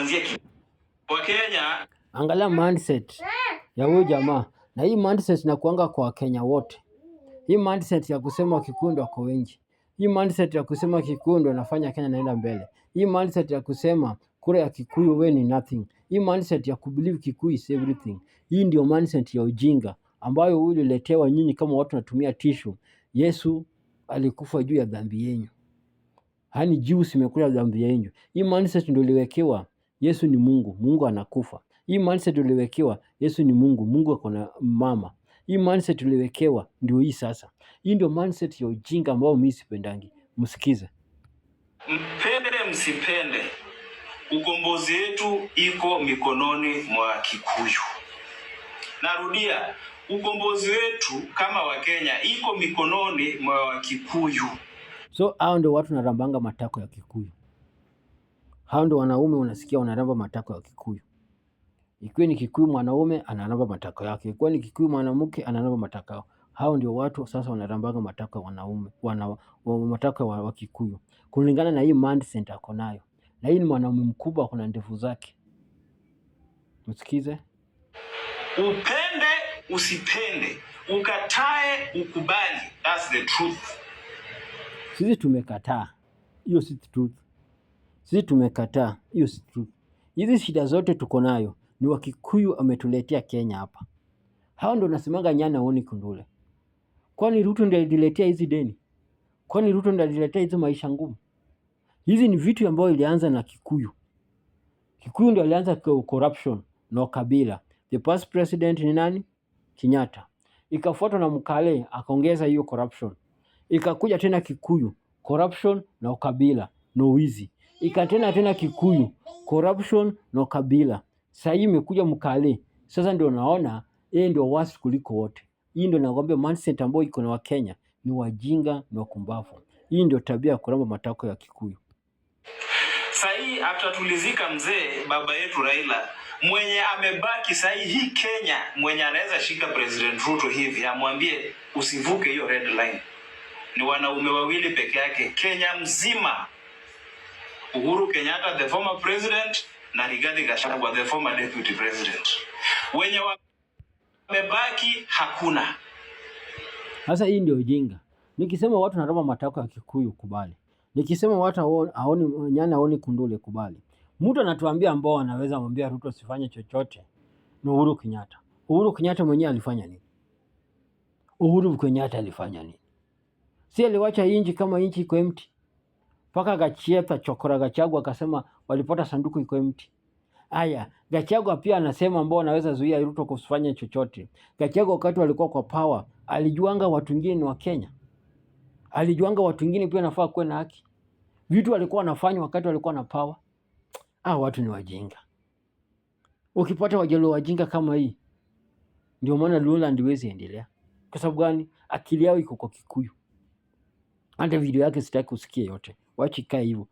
kuanzia kwa Kenya. Angalia mindset ya huyu jamaa, na hii mindset inakuanga kwa Kenya wote. Hii mindset ya kusema Kikundu wako wengi, hii mindset ya kusema Kikundu wanafanya Kenya naenda mbele, hii mindset ya kusema kura ya Kikuyu we ni nothing, hii mindset ya kubelieve Kikuyu is everything. Hii ndio mindset ya ujinga ambayo uliletewa nyinyi kama watu natumia tishu. Yesu alikufa juu ya dhambi yenyu, hani juu simekula dhambi yenyu. Hii mindset ndio liwekewa Yesu ni Mungu, Mungu anakufa. Hii mindset uliwekewa, Yesu ni Mungu, Mungu ako na mama. Hii mindset uliwekewa ndio hii sasa. Hii ndio mindset ya ujinga ambao mimi sipendangi. Msikize. Mpende msipende, ukombozi wetu iko mikononi mwa Kikuyu. Narudia, ukombozi wetu kama Wakenya iko mikononi mwa Wakikuyu. So hao ndio watu narambanga matako ya Kikuyu. Hao ndio wanaume unasikia wanaramba matako ya Kikuyu. Ikiwa ni Kikuyu mwanaume anaramba matako yake, ikiwa ni Kikuyu mwanamke anaramba matako yao. Hao ndio watu sasa wanarambaga matako ya wanaume, wana matako ya wa Kikuyu kulingana na hii mindset ako nayo, na hii ni mwanaume mkubwa, kuna ndevu zake. Msikize, upende usipende, ukatae ukubali, that's the truth. Sisi tumekataa hiyo, si truth sisi tumekataa hiyo. Hizi shida zote tuko nayo ni Wakikuyu ametuletea Kenya hapa. Hao ndio nasemanga nyana uoni kundule. Kwani Ruto ndiye aliletea hizi deni? Kwani Ruto ndiye aliletea hizo maisha ngumu? Hizi ni vitu ambayo ilianza na Kikuyu. Kikuyu ndio alianza kwa corruption na kabila. The past president ni nani? Kenyatta. Ikafuatwa na Mkale akaongeza hiyo corruption. Ikakuja tena Kikuyu, corruption na ukabila na uwizi ikatena tena Kikuyu, corruption na kabila. Sasa hii imekuja mkale, sasa ndio naona yeye ndio wasi kuliko wote. Hii ndio nakwambia mindset ambayo iko na Wakenya ni wajinga na wakumbavu. Hii ndio tabia ya kuramba matako ya Kikuyu. Sahii atatulizika mzee baba yetu Raila mwenye amebaki sahii hii Kenya, mwenye anaweza shika President Ruto hivi amwambie usivuke hiyo red line, ni wanaume wawili peke yake Kenya mzima. Uhuru Kenyatta the former president na Rigathi Gachagua the former deputy president. Wenye wamebaki hakuna. Sasa hii ndio ujinga. Nikisema watu wanataka matako ya Kikuyu kubali. Nikisema watu haoni nyani haoni kundule kubali. Mtu anatuambia ambao anaweza mwambia Ruto sifanye chochote. Ni Uhuru Kenyatta. Uhuru Kenyatta mwenyewe alifanya nini? Uhuru Kenyatta alifanya nini? Si aliwacha inji kama inji iko empty mpaka Gachieta chokora Gachagu akasema walipata sanduku iko empty. Haya, Gachagu pia anasema ambao anaweza zuia Ruto kufanya chochote. Gachagu wakati walikuwa kwa power alijuanga watu wengine ni wa Kenya, alijuanga watu wengine pia nafaa kuwe na haki. Vitu walikuwa wanafanya wakati walikuwa na power. Ah, watu ni wajinga. Ukipata wajelo wajinga kama hii, ndio maana Lula ndiwezi endelea. Kwa sababu gani? Akili yao iko kwa Kikuyu. Hata video yake sitaki kusikia yote. pode caiu?